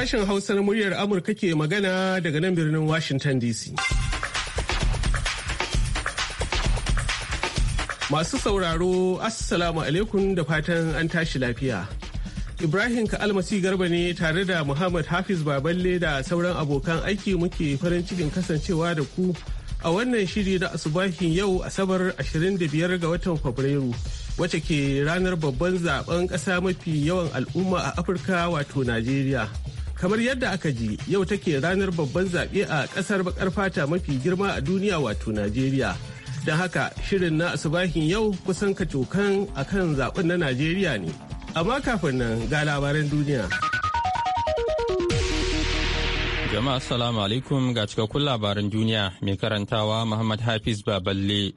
Sashen Hausa na muryar Amurka ke magana daga nan birnin Washington DC. Masu sauraro, Assalamu alaikum da fatan an tashi lafiya. Ibrahim Ka'almasi Garba ne tare da Muhammad Hafiz Baballe da sauran abokan aiki muke farin cikin kasancewa da ku a wannan shiri na asubahin yau Asabar 25 ga watan Fabrairu. wacce ke ranar babban zaben ƙasa mafi yawan al'umma a afirka wato najeriya kamar yadda aka ji yau take ranar babban zaɓe a ƙasar bakar fata mafi girma a duniya wato najeriya don haka shirin na asubahin yau kusan kacokan a kan zaɓen na najeriya ne amma kafin nan ga labaran duniya jama'a assalamu alaikum ga cikakkun labaran duniya mai karantawa muhammad hafiz baballe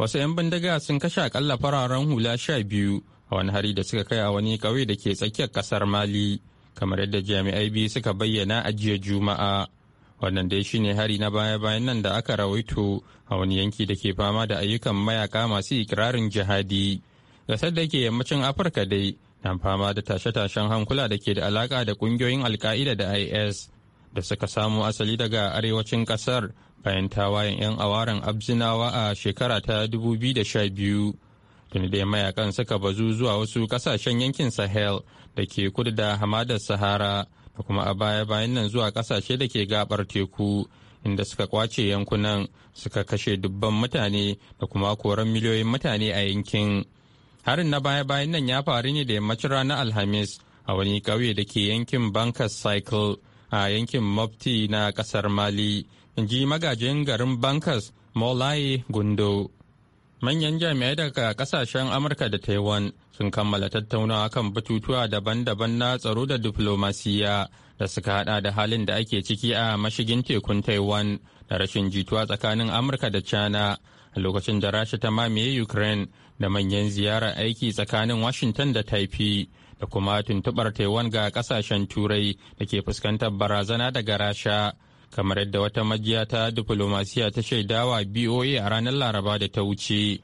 wasu 'yan bindiga sun kashe akalla fararen hula sha biyu a wani hari da suka kai a wani ƙauye da ke tsakiyar ƙasar mali kamar yadda jami'ai biyu suka bayyana a jiya juma'a wannan dai shine hari na baya-bayan nan da aka rawaito a wani yanki da ke fama da ayyukan mayaka masu ikirarin jihadi gasar da ke yammacin afirka dai na fama da tashe-tashen hankula da ke da alaka da kungiyoyin alka'ida da is da suka samu asali daga arewacin kasar bayan tawayen 'yan awaren abzinawa a shekara ta 2012 tuni dai mayakan suka bazu zuwa wasu kasashen yankin sahel da ke kudu da hamadar sahara da kuma a baya-bayan nan zuwa kasashe da ke gabar teku inda suka kwace yankunan suka kashe dubban mutane da kuma koran miliyoyin mutane a yankin harin na baya-bayan nan ya faru ne da yammacin ranar alhamis a wani ƙauye da ke yankin bankas cycle a yankin mafti na ƙasar mali in ji magajin garin bankas molaye gundo manyan jami'ai daga kasashen amurka da taiwan sun kammala tattaunawa kan batutuwa daban-daban na tsaro da diflomasiya da suka hada da halin da ake ciki a mashigin tekun taiwan da rashin jituwa tsakanin amurka da china a lokacin da rasha ta mamaye ukraine da manyan ziyarar aiki tsakanin washington da taifi da kuma tuntubar taiwan ga kasashen turai da ke fuskantar barazana daga rasha kamar yadda wata majiya ta diplomasiya ta shaidawa BOA a ranar Laraba da ta wuce.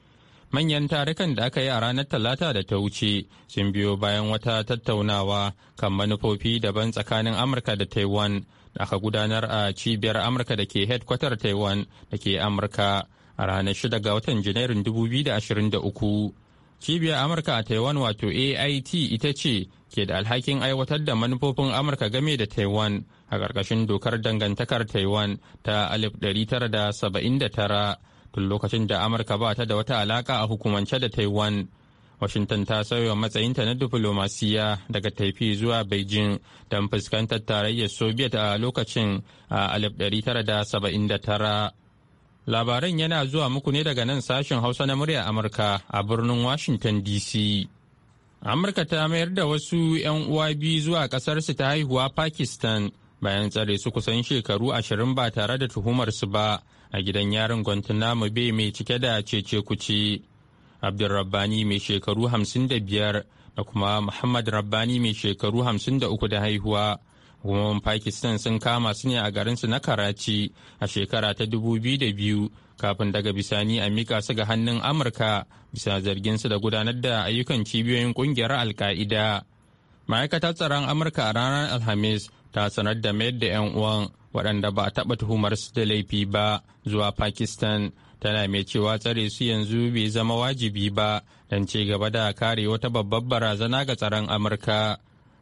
Manyan tarukan da aka yi a ranar Talata da ta wuce sun biyo bayan wata tattaunawa kan manufofi daban tsakanin Amurka da Taiwan da aka gudanar a cibiyar Amurka da ke hedkwatar Taiwan da ke Amurka a ranar 6 ga watan Janairun 2023. Cibiyar Amurka a Taiwan wato AIT ita ce ke da alhakin aiwatar da manufofin Amurka game da Taiwan a ƙarƙashin dokar dangantakar Taiwan ta 1979 tun lokacin da Amurka ba ta da wata alaƙa a hukumance da Taiwan. Washington ta sauya matsayinta na diflomasiya daga taifi zuwa Beijing don fuskantar tarayyar Soviet a lokacin a 1979. Labaran yana zuwa muku ne daga nan sashen Hausa na murya Amurka a birnin Washington DC. Amurka ta mayar da wasu 'yan uwa biyu zuwa ƙasarsu ta haihuwa Pakistan bayan tsare su kusan shekaru ashirin ba tare da tuhumarsu ba a gidan yarin Guantanamo Bay mai cike da cece kuce. rabbani mai shekaru hamsin da biyar da kuma Muhammad Rabbani mai shekaru hamsin da uku da haihuwa Hukumomin Pakistan sun kama su ne a garinsu na karaci a shekara ta 2002 kafin daga bisani a mika su ga hannun Amurka bisa zarginsu da gudanar da ayyukan cibiyoyin kungiyar alka'ida Ma'aikatar tsaron Amurka a ranar Alhamis ta sanar da mayar da 'yan uwan waɗanda ba a taɓa tuhumar su da laifi ba zuwa Pakistan tana mai cewa tsare su yanzu bai zama wajibi ba don ce gaba da kare wata babbar barazana ga tsaron Amurka.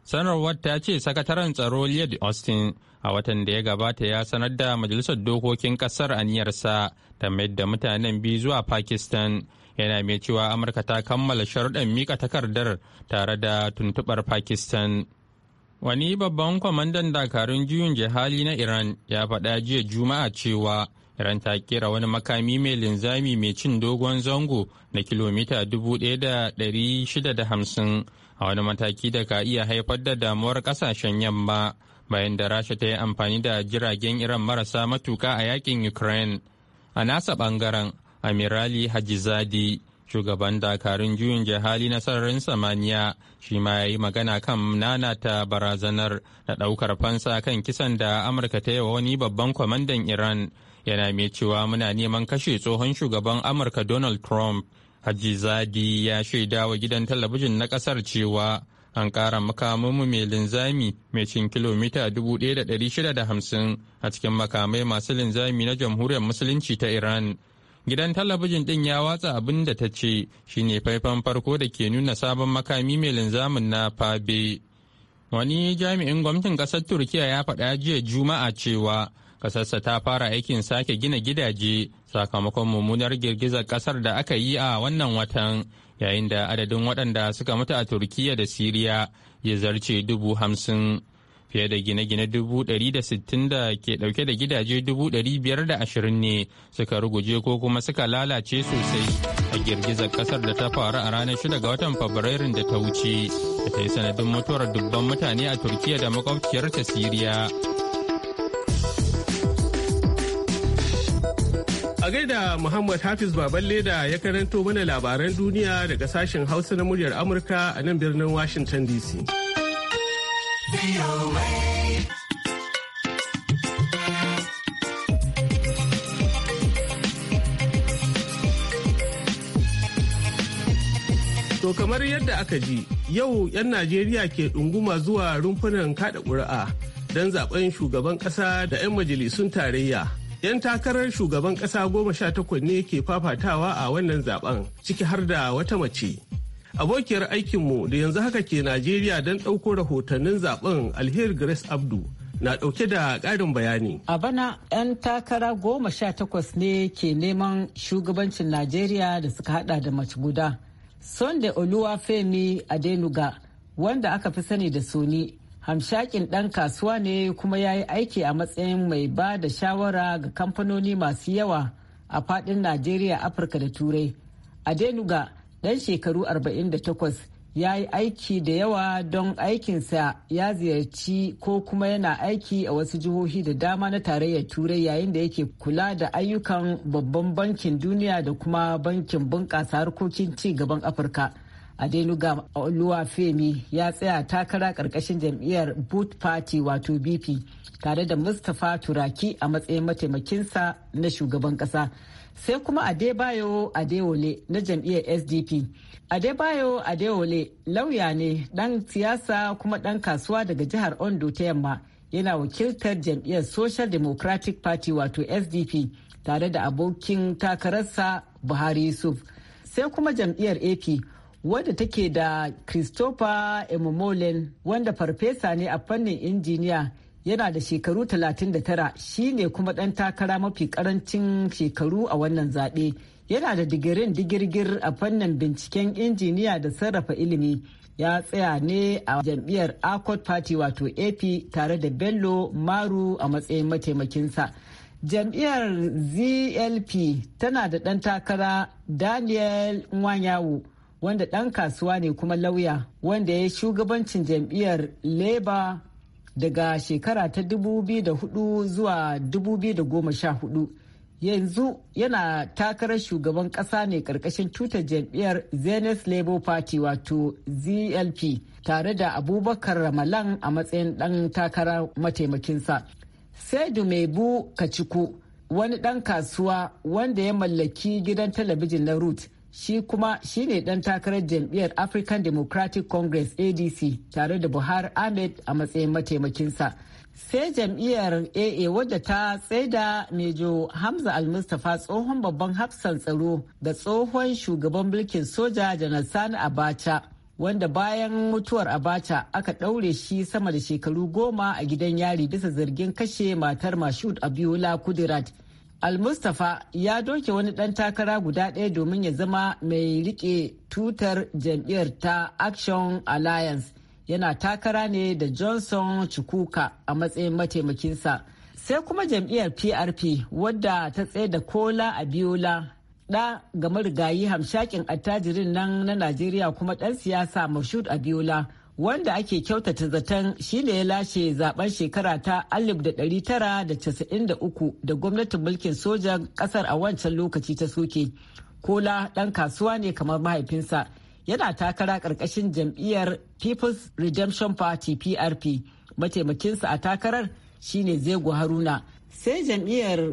sanarwar ta ce sakataren tsaro lloyd austin a watan da ya gabata ya sanar da majalisar dokokin kasar niyarsa ta mayar da mutanen biyu zuwa pakistan yana mai cewa amurka ta kammala sharuɗan mika takardar tare da tuntuɓar pakistan wani babban kwamandan dakarun juyin jihali na iran ya faɗa jiya juma'a cewa iran ta kera wani makami mai linzami mai cin dogon zango na kilomita 1650 a wani mataki da ka iya haifar da damuwar kasashen yamma bayan da rasha ta yi amfani da jiragen iran marasa matuka a yakin ukraine a nasa bangaren amirali hajizadi shugaban dakarun juyin jihali na sararin samaniya shi ma ya yi magana kan ta barazanar da daukar fansa kan kisan da amurka ta yi wa wani babban kwamandan iran yana mai cewa muna neman kashe tsohon shugaban amurka donald trump Haji Zadi ya shaida wa gidan talabijin na ƙasar cewa an ƙara makamanmu mai linzami mai cin kilomita 1,650 a cikin makamai masu linzami na jamhuriyar musulunci ta Iran. Gidan talabijin ɗin ya watsa abin da ta ce shi ne faifan farko da ke nuna sabon makami mai linzamin na Fabe. Wani jami'in gwamnatin ƙasar Turkiya ya faɗa jiya Juma'a cewa kasarsa ta fara aikin sake gina gidaje sakamakon mummunar girgizar kasar da aka yi a wannan watan yayin da adadin waɗanda suka mutu a turkiya da siriya ya zarce dubu hamsin fiye da gine-gine dubu ɗari da sittin da ke ɗauke da gidaje dubu ɗari biyar da ashirin ne suka ruguje ko kuma suka lalace sosai a girgizar kasar da ta faru a ranar shida ga watan fabrairun da ta wuce da ta yi sanadin mutuwar dubban mutane a turkiya da ta siriya a gaida Muhammad Hafiz Baballe da ya karanto mana labaran duniya daga sashen Hausa na muryar Amurka a nan birnin Washington DC. To kamar yadda aka ji, yau 'yan Najeriya ke ɗunguma zuwa rumfunan kada ƙuri'a don zaɓen shugaban ƙasa da 'yan majalisun tarayya. 'Yan takarar shugaban kasa goma sha takwas ne ke fafatawa a wannan zaben ciki har da wata mace. Abokiyar aikinmu da yanzu haka ke Najeriya don ɗauko rahotannin zaben Alheri Grace Abdu na ɗauke da ƙarin bayani. A bana 'yan takara goma sha takwas ne ke neman shugabancin Najeriya da suka hada da mace guda. femi Oluwafemi Adenuga wanda aka fi sani da Soni hamshakin ɗan kasuwa ne kuma ya yi aiki a matsayin mai ba da shawara ga kamfanoni masu yawa a faɗin najeriya afirka da turai a adenuga ɗan shekaru 48 ya yi aiki da yawa don aikinsa ya ziyarci ko kuma yana aiki a wasu jihohi da dama na tarayyar turai yayin da yake kula da ayyukan babban bankin duniya da kuma bankin bunƙasa harkokin ci gaban afirka. a adenuga oluwafemi ya tsaya takara karkashin jam'iyyar boot party wato bp tare da mustapha turaki a matsayin mataimakinsa na shugaban kasa sai kuma adebayo adewole na jam'iyyar sdp adebayo adewole lauya ne dan siyasa kuma dan kasuwa daga jihar ondo ta yamma yana wakiltar jam'iyyar social democratic party wato sdp tare da abokin takararsa buhari yusuf sai kuma jam'iyyar ap wadda take da Christopher Emomolen wanda farfesa ne a fannin injiniya yana da shekaru 39 ne kuma ɗan takara mafi ƙarancin shekaru a wannan zaɓe. Yana da digirin digirgir a fannin binciken injiniya da sarrafa ilimi. Ya tsaya ne a jam'iyyar Accord Party wato AP tare da Bello Maru a matsayin mataimakinsa. Jam'iyyar ZLP tana da ɗan takara Daniel Nwanyawu. wanda ɗan kasuwa ne kuma lauya wanda ya yi shugabancin jam'iyyar labour daga shekara ta 2004 zuwa 2014 yanzu yana takarar shugaban ƙasa ne ƙarƙashin tutar jam'iyyar zenith labour party wato zlp tare da abubakar ramalan a matsayin ɗan takara mataimakinsa sai maibu kaciku wani ɗan kasuwa wanda ya mallaki gidan talabijin na root shi kuma shi ne ɗan takarar jam'iyyar African Democratic Congress ADC tare da Buhari Ahmed a matsayin mataimakinsa. Sai jam'iyyar AA wadda ta tsaida Mejo Hamza Al-Mustapha tsohon babban hafsan tsaro da tsohon shugaban mulkin soja Janar Sani Abacha. wanda bayan mutuwar abacha aka ɗaure shi sama da shekaru goma a gidan yari bisa zargin kashe matar mashud abiola kudirat Al-Mustapha ya doke wani ɗan takara guda ɗaya domin ya zama mai riƙe tutar jam'iyyar ta Action Alliance. Yana takara ne da Johnson Chukwuka a matsayin mataimakinsa. Sai kuma jam'iyyar PRP wadda ta tsaye da Kola Abiola ɗa ga marigayi hamshakin attajirin nan na Najeriya kuma ɗan siyasa Mashud Abiola. wanda ake kyautata zaton shine ya lashe zaben shekara ta 1993 da gwamnatin mulkin sojan kasar a wancan lokaci ta soke kola dan kasuwa ne kamar mahaifinsa yana takara karkashin jam'iyyar people's redemption party prp mataimakinsa a takarar shine zego haruna sai jam'iyyar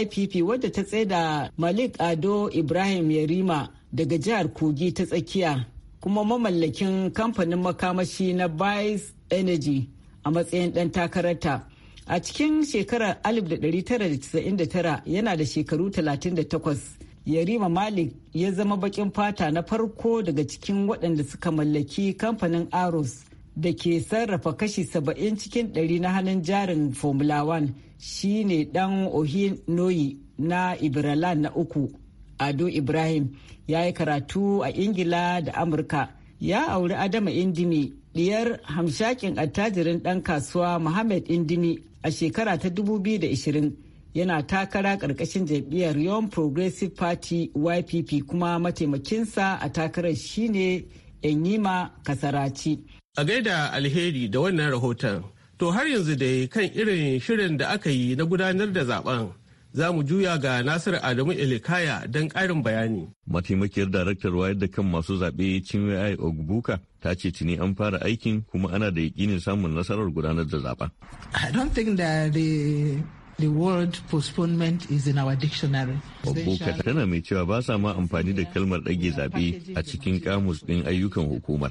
ypp wadda ta tsaida malik ado ibrahim yarima daga jihar kogi ta tsakiya kuma mamallakin kamfanin makamashi na Vice Energy a matsayin ɗan takararta. A cikin shekarar 1999 yana da shekaru 38, Yarima Malik ya zama bakin fata na farko daga cikin waɗanda suka mallaki kamfanin Aros da ke sarrafa kashi 70 cikin 100 na hannun jarin Formula 1 shine ɗan Ohi Noyi na Ibrahim na uku. ado ibrahim ya yi karatu a ingila da amurka ya auri adama indimi diyar hamshakin attajirin ɗan kasuwa muhammad indimi a shekara ta 2020 yana takara ƙarƙashin jam'iyyar young progressive party ypp kuma mataimakinsa a takarar shine enyima Kasarachi. a gaida alheri da wannan rahoton to har yanzu dai kan irin shirin da aka yi na gudanar da zaben za mu juya ga Nasiru Adamu Elikaya don ƙarin bayani. Mataimakiyar daraktar wayar da kan masu zaɓe Chinwe Ogbuka ta ce tuni an fara aikin kuma ana da yakinin samun nasarar gudanar da zaɓa. I don't think that the The word postponement is in our dictionary. Ogbuka tana mai cewa ba sa ma amfani da kalmar ɗage zaɓe a cikin kamus ɗin ayyukan hukumar.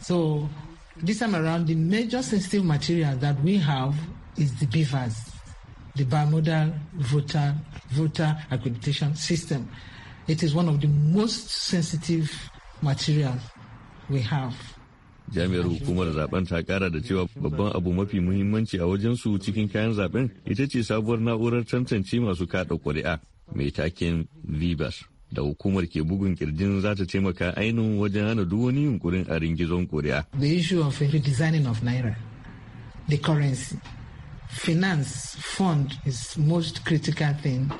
So, this time around, the major sensitive material that we have is the beavers. the bimodal voter voter accreditation system. It is one of the most sensitive materials we have. jami'ar hukumar zaben ta kara da cewa babban abu mafi muhimmanci a wajensu cikin kayan zaben ita ce sabuwar na'urar tantance masu kada kuri'a mai taken vibas da hukumar ke bugun kirjin za ta taimaka ainihin wajen hana duk wani yunkurin a ringizon kuri'a. the issue of redesigning of naira the currency finance fund is most critical thing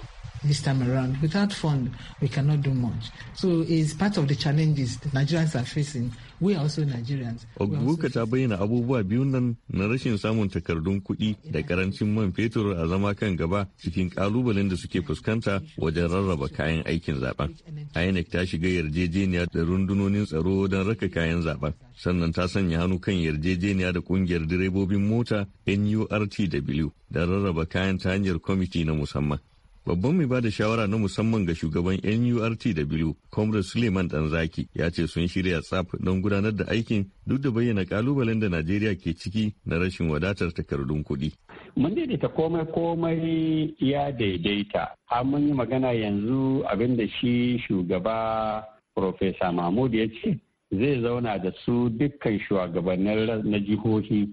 this time around. Without fund, we cannot do much. So it's part of the challenges the Nigerians are facing. We are also Nigerians. Ogbuka ta bayyana abubuwa biyu nan na rashin samun takardun kuɗi da karancin man fetur a zama kan gaba cikin kalubalen da suke fuskanta wajen rarraba kayan aikin zaben. INEC ta shiga yarjejeniya da rundunonin tsaro don raka kayan zaben. Sannan ta sanya hannu kan yarjejeniya da ƙungiyar direbobin mota NURTW don rarraba kayan ta hanyar kwamiti na musamman. Babban mai bada shawara na musamman ga shugaban NURTW, Comrade Suleiman Danzaki, ya ce sun shirya tsaf don gudanar da aikin duk da bayyana kalubalen da Najeriya ke ciki na rashin wadatar takardun kuɗi. Mun daidaita komai komai ya daidaita. Har mun yi magana yanzu abin da shi shugaba Profesa Mahmud ya ce zai zauna da su dukkan shugabannin na jihohi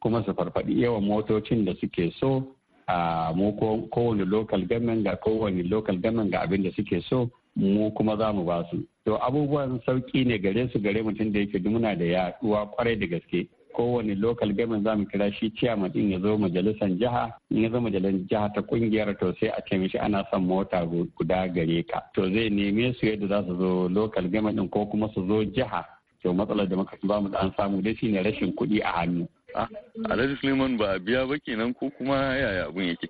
kuma su farfaɗi yawan motocin da suke so mu kowane local government ga kowane local government ga abin da suke so mu kuma za mu ba su to abubuwan sauki ne gare su gare mutum da yake muna da yaduwa kwarai da gaske kowane local government za mu kira shi chairman din ya zo majalisar jiha in ya zo majalisar jiha ta kungiyar to sai a ce mishi ana son mota guda gare ka to zai neme su yadda za su zo local government din ko kuma su zo jiha to matsalar da muka ba mu da an samu dai shine rashin kuɗi a hannu Alhaji Suleiman ba a biya ba kenan ko kuma yaya abun yake?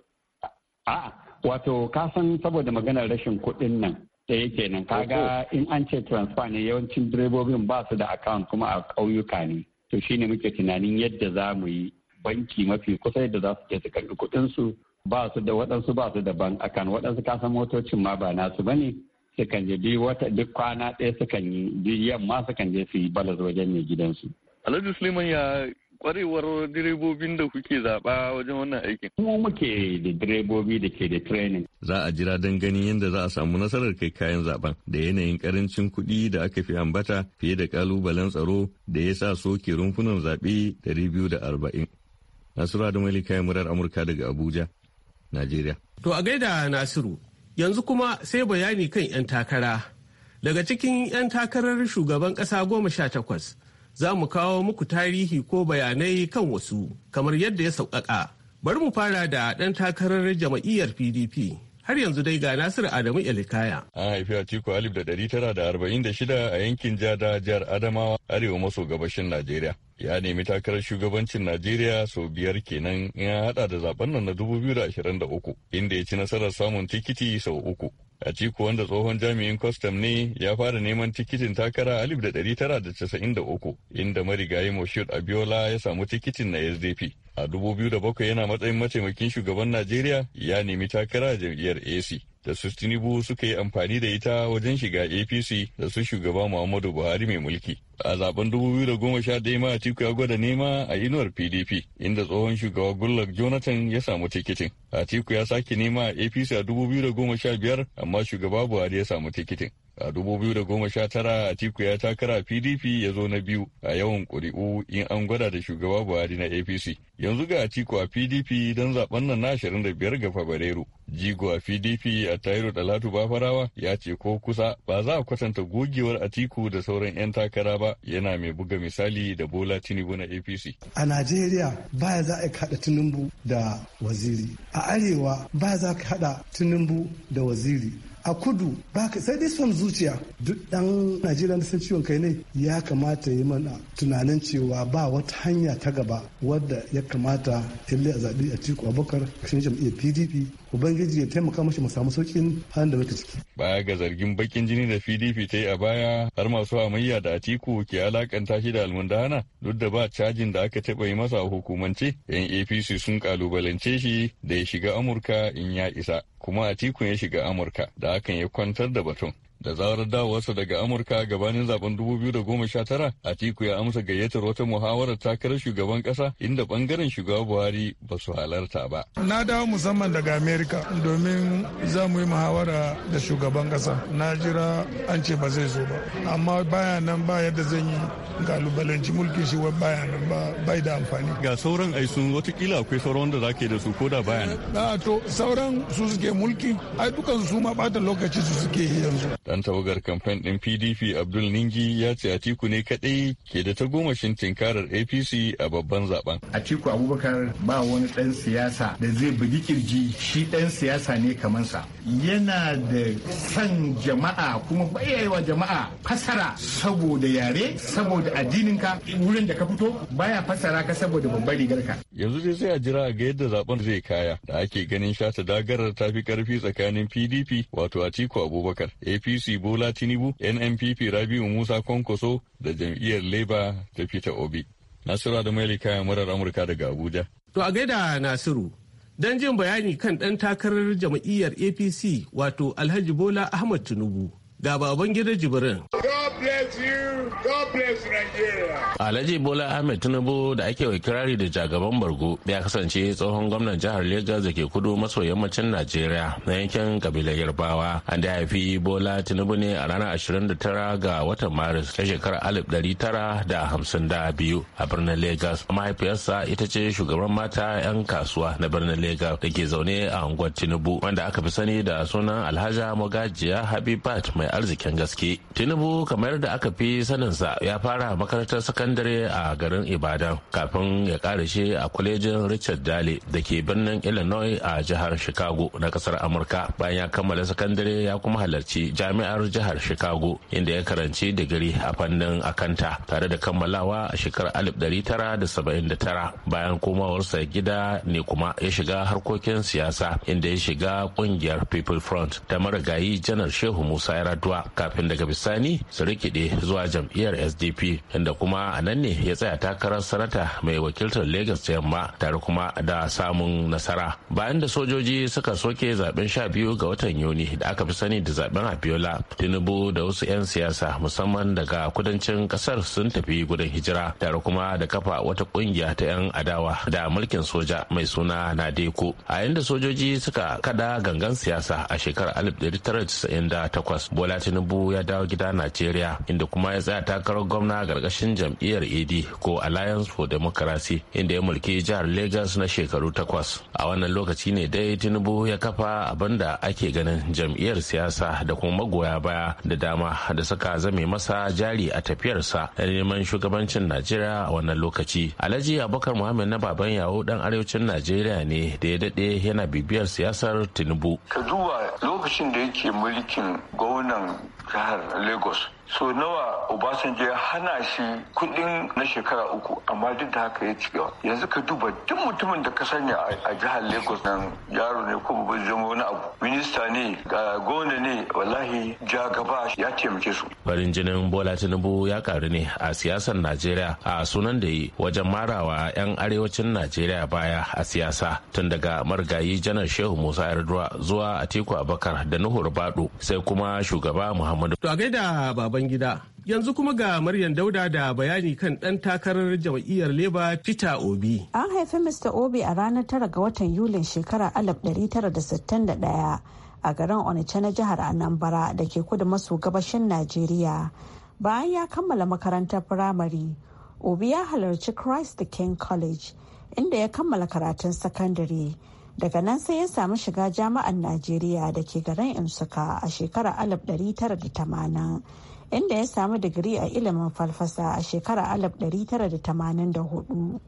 A'a, wato kasan saboda maganar rashin kuɗin nan da yake nan kaga in an ce transfer ne yawancin direbobin ba su da account kuma a ƙauyuka ne. To shine muke tunanin yadda za mu yi banki mafi kusa yadda za su je su karɓi kuɗin su ba su da waɗansu ba su da bank account waɗansu kasan motocin ma ba nasu bane sukan je duk wata duk kwana ɗaya sukan yi duk yamma sukan je su yi balas wajen ne gidansu. Alhaji Suleiman ya kwarewar direbobin da kuke zaɓa wajen wannan aikin? Mu muke da direbobi da ke da training. Za a jira don ganin yadda za a samu nasarar kai kayan zaben da yanayin karancin kuɗi da aka fi ambata fiye da kalubalen tsaro da ya sa soke rumfunan zaɓe biyu da arba'in. Nasiru Adamali kayan murar Amurka daga Abuja, Najeriya. To a gaida Nasiru, yanzu kuma sai bayani kan 'yan takara. Daga cikin 'yan takarar shugaban ƙasa goma sha takwas, za mu kawo muku tarihi ko bayanai kan wasu kamar yadda ya sauƙaƙa. Bari mu fara da ɗan takarar jama'iyyar PDP. Har yanzu dai ga Nasiru Adamu Elikaya. An haifi aciko, Alif da ɗari tara da arba'in da shida a yankin Jada jihar Adamawa arewa maso gabashin Najeriya. Ya nemi takarar shugabancin Najeriya sau biyar kenan ya haɗa da zaben nan na dubu biyu da da ashirin uku, inda ya ci nasarar samun tikiti sau uku. a ciko wanda tsohon jami'in kwastam ne ya fara neman tikitin takara alif da ɗari tara da casa'in da uku inda marigayi moshood abiola ya samu tikitin na sdp a dubu biyu da bakwai yana matsayin mataimakin shugaban najeriya ya nemi takara a jam'iyyar ac da su Tinubu suka yi amfani da ita wajen shiga APC da su shugaba Muhammadu Buhari mai mulki. A zaben 2011 ma Atiku ya gwada nema a inuwar PDP inda tsohon shugaba Goodluck Jonathan ya samu tikitin. Atiku ya sake nema a APC a sha-biyar amma shugaba Buhari ya samu tikitin. A 2019 Atiku ya takara PDP ya zo na biyu a yawan ƙuri'u in an gwada da shugaba Buhari na APC. Yanzu ga Atiku a PDP don zaben nan na 25 ga Fabrairu. Jigo a PDP a Tairo Dalatu Bafarawa ya ce ko kusa ba za a kwatanta gogewar Atiku da sauran 'yan takara ba yana mai buga misali da Bola Tinubu na APC. A Najeriya baya za a kada Tinubu da waziri. A Arewa baya za ka hada Tinubu da waziri. a kudu ba ka sai dai son zuciya duk dan najeriya na san ciwon kai ne ya kamata yi mana tunanin cewa ba wata hanya ta gaba wadda ya kamata ille a zaɓi a tiku abubakar shi jam'iyyar pdp ubangiji ya taimaka mashi mu samu saukin halin da muke ciki baya ga zargin bakin jini da pdp ta yi a baya har masu amayya da atiku ke alakanta shi da almundana duk da ba cajin da aka taɓa yi masa a hukumance yan apc sun kalubalance shi da ya shiga amurka in ya isa kuma atiku ya shiga amurka da da hakan ya kwantar da batun da zarar dawowarsa daga amurka gabanin zaben 2019 atiku ya amsa gayyatar wata muhawarar takarar shugaban kasa inda bangaren shugaba buhari ba su halarta ba na dawo musamman daga amerika domin za mu yi muhawara da shugaban kasa na jira an ce ba zai zo ba amma baya nan ba yadda zan yi galubalanci mulkin shi wai baya nan ba bai da amfani ga sauran ai sun watakila akwai sauran wanda zake da su ko da baya nan eh, to sauran su suke mulki ai dukan su ma bata lokaci su suke yanzu Dan tawagar kamfen ɗin PDP Abdul Ningi ya ce Atiku ne kadai ke da ta gomashin tinkarar APC a babban zaben. Atiku Abubakar ba wani dan siyasa da zai bugi kirji shi dan siyasa ne kamar sa Yana da san jama'a kuma bayyawa jama'a fasara saboda yare saboda addininka wurin da ka fito baya fasara ka saboda babban rigarka. Yanzu dai sai a jira ga yadda zaben zai kaya da ake ganin shata dagarar tafi karfi tsakanin PDP wato Atiku Abubakar APC apc bola tinubu nnpp rabiu musa kwankwaso da jam'iyyar labour ta peter obi nasiru da mai kayan murar amurka daga abuja to a gaida nasiru don jin bayani kan ɗan takarar jam'iyyar apc wato alhaji bola ahmad tinubu ga baban gidan jibirin bless Alhaji Bola Ahmed Tinubu da ake wa kirari da jagaban bargo ya kasance tsohon gwamnan jihar Legas da ke kudu maso yammacin Najeriya na yankin kabilar Yarbawa. An da haifi Bola Tinubu ne a ranar 29 ga watan Maris ta shekarar 1952 a birnin Legas. Mahaifiyarsa ita ce shugaban mata 'yan kasuwa na birnin Legas da ke zaune a unguwar Tinubu wanda aka fi sani da sunan Alhaja Magajiya Habibat mai arzikin gaske. Tinubu kamar Muktar da aka fi saninsa ya fara makarantar sakandare a garin Ibadan kafin ya karashe a kwalejin Richard Dale da ke birnin Illinois a jihar Chicago na kasar Amurka. Bayan ya kammala sakandare ya kuma halarci jami'ar jihar Chicago inda ya karanci digiri a fannin akanta tare da kammalawa a shekarar 1979 bayan komawarsa gida ne kuma ya shiga harkokin siyasa inda ya shiga kungiyar People Front ta marigayi janar Shehu Musa ya raduwa kafin daga bisani su kiɗe zuwa jam'iyyar sdp inda kuma a nan ne ya tsaya takarar sanata mai wakiltar lagos ta yamma tare kuma da samun nasara bayan da sojoji suka soke zaben sha biyu ga watan yuni da aka fi sani da zaben abiola tinubu da wasu 'yan siyasa musamman daga kudancin kasar sun tafi gudan hijira tare kuma da kafa wata kungiya ta 'yan adawa da mulkin soja mai suna nadeko a yanda sojoji suka kada gangan siyasa a shekarar 1998 bola tinubu ya dawo gida najeriya inda kuma ya tsaya takarar gwamna a gargashin jam'iyyar ad ko alliance for democracy inda ya mulki jihar lagos na shekaru takwas a wannan lokaci ne dai tinubu ya kafa abin da ake ganin jam'iyyar siyasa da kuma magoya baya da dama da suka zame masa jari a tafiyarsa na neman shugabancin najeriya a wannan lokaci alhaji abubakar muhammad na baban yawo dan arewacin najeriya ne da ya dade yana bibiyar siyasar tinubu ka duba lokacin da yake mulkin gwamnan jihar lagos so nawa obasanjo ya hana shi kudin na shekara uku amma duk da haka ya cigaba yanzu ka duba duk mutumin da ka sanya a jihar lagos nan yaro ne ko babban zama wani abu minista ne gona ne wallahi ja gaba ya taimake su farin jinin bola tinubu ya karu ne a siyasar najeriya a sunan da yi wajen marawa yan arewacin najeriya baya a siyasa tun daga marigayi janar shehu musa yarduwa zuwa atiku abakar da nuhur bado sai kuma shugaba muhammad. Muhammadu. To a gaida baban gida. Yanzu kuma ga Maryam Dauda da bayani kan ɗan takarar jam'iyyar Leba Peter Obi. An haifi Mr. Obi a ranar tara ga watan Yulin shekara 1961 a garin Onitsha na jihar Anambra da ke kudu maso gabashin Najeriya. Bayan ya kammala makarantar firamare, Obi ya halarci Christ the King College inda ya kammala karatun sakandare. daga nan sai ya samu shiga jami'an najeriya da ke garin insuka a shekarar 1980 inda ya samu digiri a ilimin falfasa a shekarar 1984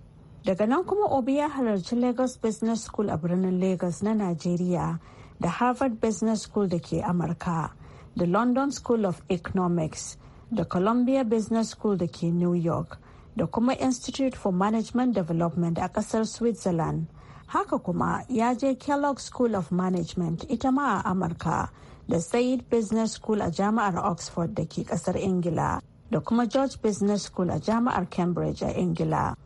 daga nan kuma obi ya halarci lagos business school a birnin lagos na najeriya da harvard business school da ke amurka da london school of economics da columbia business school da ke new york da kuma institute for management development a kasar switzerland haka kuma ya je kellogg school of management ita ma a amurka da said business school a jami'ar oxford da ke kasar ingila da kuma george business school a jami'ar cambridge a ingila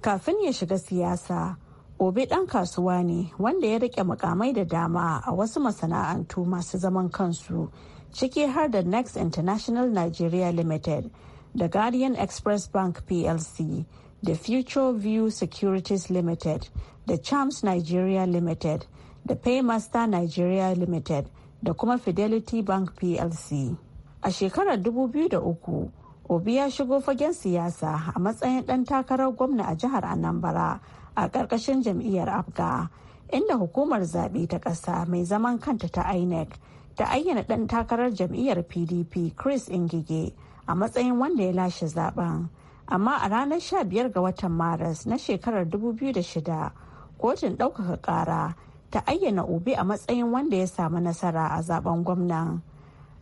kafin ya shiga siyasa obi dan kasuwa ne wanda ya rike mukamai da dama a wasu masana'antu masu zaman kansu ciki har da next international nigeria limited da guardian express bank plc da future view securities limited da charms nigeria limited da paymaster nigeria limited da kuma fidelity bank plc a shekarar 2003 obi ya shigo fagen siyasa a matsayin ɗan takarar gwamna a jihar anambra a ƙarƙashin jam'iyyar afga inda hukumar zaɓe ta ƙasa mai zaman kanta ta inec ta ayyana ɗan takarar jam'iyyar pdp chris ingige a matsayin wanda ya lashe zaben amma a ranar 15 ga watan maris na shekarar 2006 kotun ɗaukaka ƙara ta ayyana obi a matsayin wanda ya samu nasara a zaben gwamnan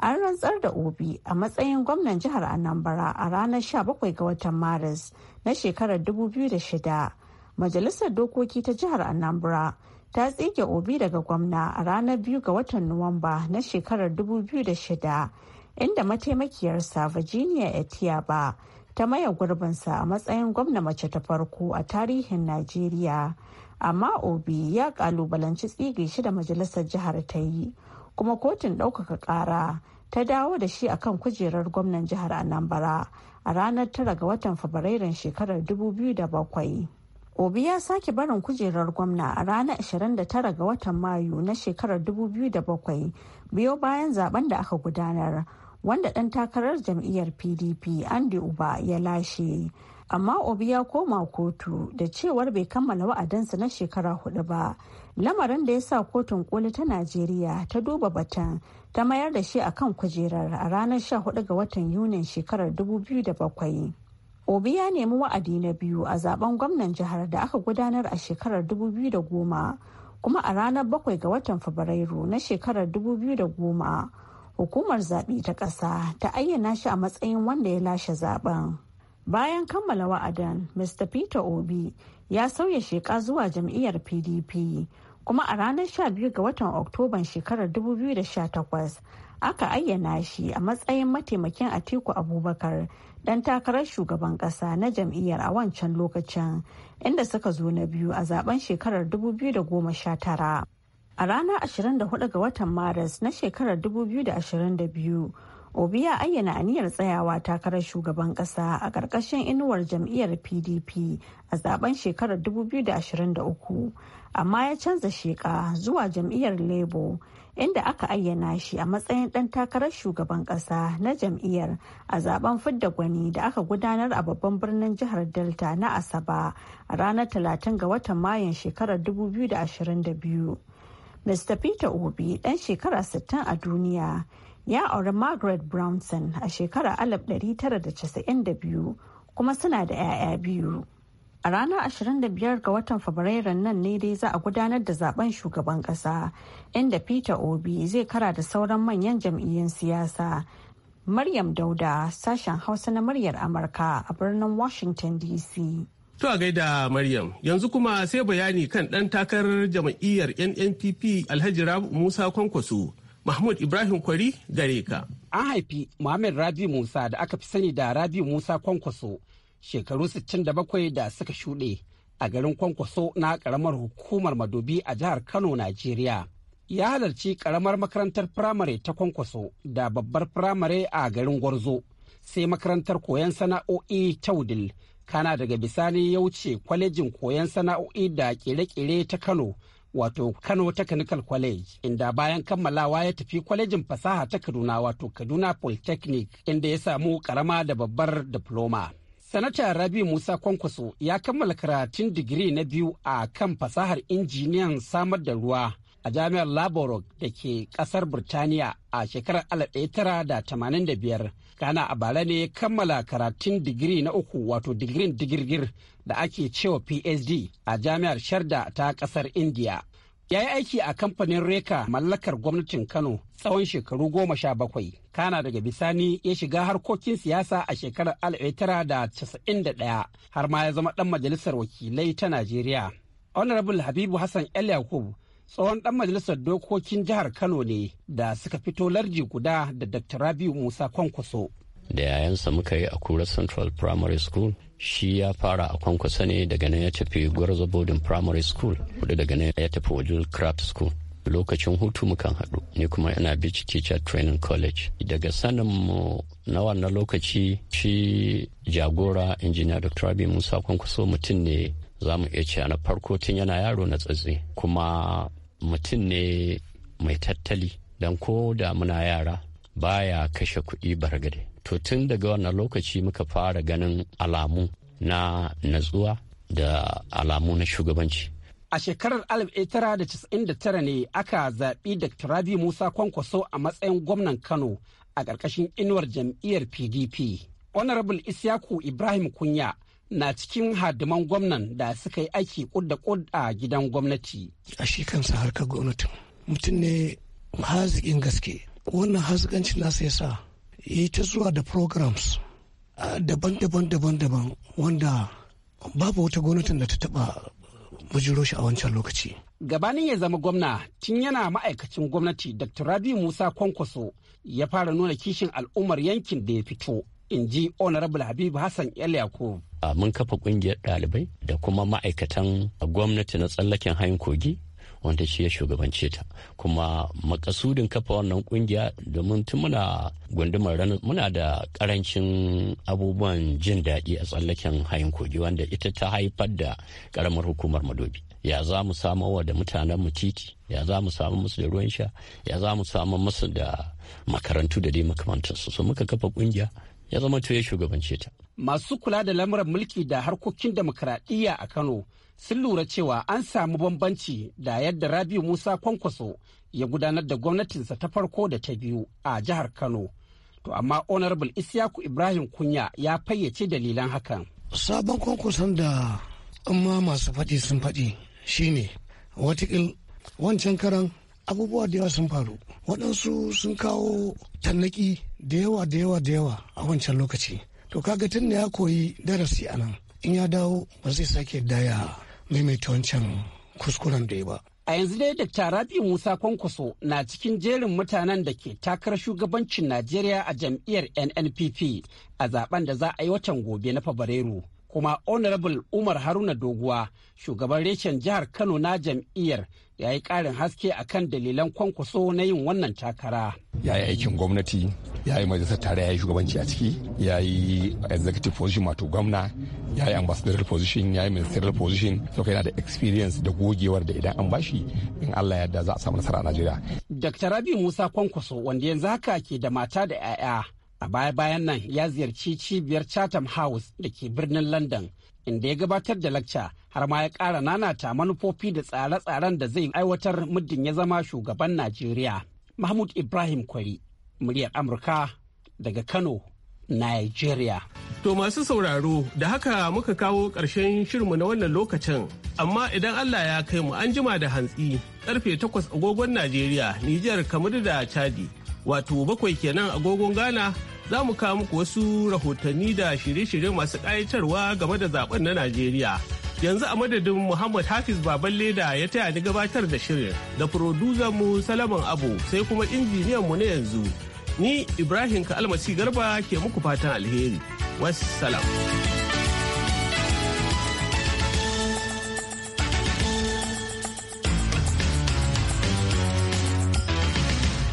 an rantsar da obi a matsayin gwamnan jihar anambra a ranar 17 ga watan maris na shekarar 2006 majalisar dokoki ta jihar anambra ta tsige obi daga gwamna a ranar 2 ga watan nuwamba na shekarar 2006 inda mataimakiyarsa virginia etiaba ta maye gurbinsa a matsayin gwamna mace ta farko a tarihin najeriya amma obi ya kalubalanci tsige shi da majalisar jihar ta yi kuma kotun ɗaukaka ƙara ta dawo da shi akan kujerar gwamnan jihar anambra a ranar tara ga watan fabrairun shekarar 2007 obi ya sake barin kujerar gwamna a ranar 29 ga watan mayu na shekarar 2007 biyo bayan zaben da aka gudanar wanda ɗan takarar jam'iyyar pdp andy uba ya lashe amma obi ya koma kotu da cewar bai kammala wa'adansa na shekara hudu ba lamarin da ya sa kotun koli ta najeriya ta duba batun ta mayar da shi akan kujerar a ranar 14 ga watan yunin shekarar 2007 obi ya nemi wa'adi na biyu a zaben gwamnan jihar da aka gudanar a shekarar 2010 kuma a ranar 7 ga watan fabrairu na shekarar 2010 hukumar zaɓe ta ƙasa ta ayyana shi a matsayin wanda ya lashe zaben. Bayan kammala wa'adan, Mr. Peter Obi ya sauya sheka zuwa jam'iyyar PDP, kuma a ranar 12 ga watan Oktoban shekarar 2018 aka ayyana shi a matsayin mataimakin Atiku Abubakar dan takarar shugaban ƙasa na jam'iyyar a wancan lokacin, inda suka zo na biyu a zaben shekarar 2019. A ranar 24 ga watan Maris na shekarar 2022, Obi ya ayyana aniyar tsayawa takarar shugaban kasa a ƙarƙashin inuwar jam'iyyar PDP a zaben shekarar 2023, amma ya canza sheƙa zuwa jam'iyyar Labour inda aka ayyana shi a matsayin ɗan takarar shugaban ƙasa na jam'iyyar a zaben fidda gwani da aka gudanar a babban birnin jihar Delta na Asaba a ranar 30 ga watan mayan shekarar 2022. Mr. Peter Obi ɗan shekara 60 a duniya ya auri Margaret Brownson a shekara 1992 kuma suna da 'ya'ya biyu. A ranar 25 ga watan Fabrairun nan ne dai za a gudanar da zaben shugaban kasa inda Peter Obi zai kara da sauran manyan jam'iyyun siyasa. Maryam Dauda sashen Hausa na muryar Amurka a birnin Washington DC. To a gaida Maryam, yanzu kuma sai bayani kan ɗan takarar jam'iyyar NNPP Alhaji Rabu Musa Kwankwaso, Mahmud Ibrahim Kwari gare ka. An haifi Muhammad Rabi Musa da aka fi sani da Rabi Musa Kwankwaso shekaru 67 da suka shuɗe a garin Kwankwaso na ƙaramar hukumar Madobi a jihar Kano, Najeriya. Ya halarci ƙaramar makarantar firamare ta Kwankwaso da babbar firamare a garin Gwarzo, sai makarantar koyon sana'o'i ta Wudil kana daga bisani ya wuce kwalejin koyon sana'o'i da ƙere kere ta kano wato kano technical college inda bayan kammalawa ya tafi kwalejin fasaha ta kaduna wato kaduna polytechnic inda ya samu karama da babbar diploma sanata rabi musa kwankwaso ya kammala karatun digiri na biyu a kan fasahar injiniyan samar da ruwa a jami'ar laborok da ke kasar birtaniya a shekarar 1985 kana a bara ne kammala karatun digiri na uku wato digirin digirgir da ake cewa phd a jami'ar sharda ta kasar india ya yi aiki a kamfanin reka mallakar gwamnatin kano tsawon shekaru goma sha bakwai kana daga bisani ya shiga harkokin siyasa a shekarar da da casa'in ɗaya. har ma ya zama ɗan majalisar wakilai ta najeriya honorable habibu hassan el yakub tsohon ɗan majalisar dokokin jihar kano ne da suka fito larji guda da dr rabiu musa kwankwaso da yayansa muka yi a kura central primary school shi ya fara a kwankwaso ne daga nan ya tafi gwarzo boarding primary school kudu daga nan ya tafi Wajen craft school lokacin hutu mukan haɗu ni kuma ina beach teacher training college daga sanin mu na wannan lokaci shi jagora injiniya dr rabiu musa kwankwaso mutum ne za mu iya cewa na farko tun yana yaro na tsatsi kuma mutum ne mai tattali don ko da muna yara baya kashe kuɗi bargade to tun daga wannan lokaci muka fara ganin alamu na natsuwa da alamu na shugabanci a shekarar 1999 ne aka zaɓi dr rabi musa kwankwaso a matsayin gwamnan kano a ƙarƙashin inuwar jam'iyyar pdp honorable isyaku ibrahim kunya na cikin hadiman gwamnan da suka yi aiki kudda kud a gidan gwamnati. A shi kansa harkar gwamnatin mutum ne haziƙin gaske. Wannan haziƙancin nasa ya sa ya yi ta zuwa da programs daban-daban daban-daban wanda babu wata gwamnatin da ta taɓa bujiro shi a wancan lokaci. Gabanin ya zama gwamna tun yana ma'aikacin gwamnati Dr. Rabi Musa Kwankwaso ya fara nuna kishin al'ummar yankin da ya fito. in ji honorable habibu hassan el yakub mun kafa kungiyar ɗalibai da kuma ma'aikatan gwamnati na tsallaken hayin kogi wanda shi ya shugabance ta kuma makasudin kafa wannan kungiya domin tun muna gundumar ranar muna da karancin abubuwan jin daɗi a tsallaken hayin kogi wanda ita ta haifar da karamar hukumar madobi ya za mu wa da mutanen mu titi ya za mu samu musu da ruwan sha ya za mu samu musu da makarantu da dai makamantarsu su muka kafa kungiya ya zama to ya shugabance ta. Masu kula da lamuran mulki da harkokin demokradiyya a Kano sun lura cewa an samu bambanci da yadda Rabiu Musa Kwankwaso ya gudanar da gwamnatinsa ta farko da ta biyu a jihar Kano. To amma Honorable Isiyaku Ibrahim Kunya ya fayyace dalilan hakan. Sabon kwankwason da amma masu faɗi sun faɗi shine watakil wancan karan abubuwa da yawa sun faru waɗansu sun kawo tannaki da yawa da yawa da yawa a wancan lokaci to kaga tun da ya koyi darasi a nan in ya dawo ba zai sake daya maimaita wancan kuskuren da ya ba a yanzu dai da rabi musa kwankwaso na cikin jerin mutanen da ke takarar shugabancin najeriya a jam'iyyar nnpp a zaben da za a yi watan gobe na fabrairu kuma honorable umar haruna doguwa shugaban reshen jihar kano na jam'iyyar ya yi ƙarin haske akan dalilan kwankwaso na yin wannan takara ya yi aikin gwamnati ya yi majalisar tare ya yi shugabanci a ciki ya yi executive position wato gwamna ya yi ambassadorial position ya yi ministerial position so yana da experience da gogewar da idan an bashi in Allah ya yadda za a samu nasara a Najeriya. Dr. Rabi Musa Kwankwaso wanda yanzu haka ke da mata da 'ya'ya a baya-bayan nan ya ziyarci cibiyar chatham house da ke birnin london inda ya gabatar da lacca har ma ya ƙara ta manufofi da tsare-tsaren da zai aiwatar muddin ya zama shugaban najeriya mahmud ibrahim kwari muryar amurka daga kano nigeria to masu sauraro da haka muka kawo ƙarshen shirinmu na wannan lokacin amma idan allah ya kai mu an jima da hantsi karfe 8 agogon najeriya nijar kamar da chadi wato bakwai kenan agogon ghana za mu kawo muku wasu rahotanni da shirye-shirye masu ƙayatarwa game da zaben na najeriya yanzu a madadin muhammad hafiz baballe da ya taya ni gabatar da shirin da mu salaman abu sai kuma injiniyan mu na yanzu ni ibrahim ka garba ke muku fatan alheri wassalam.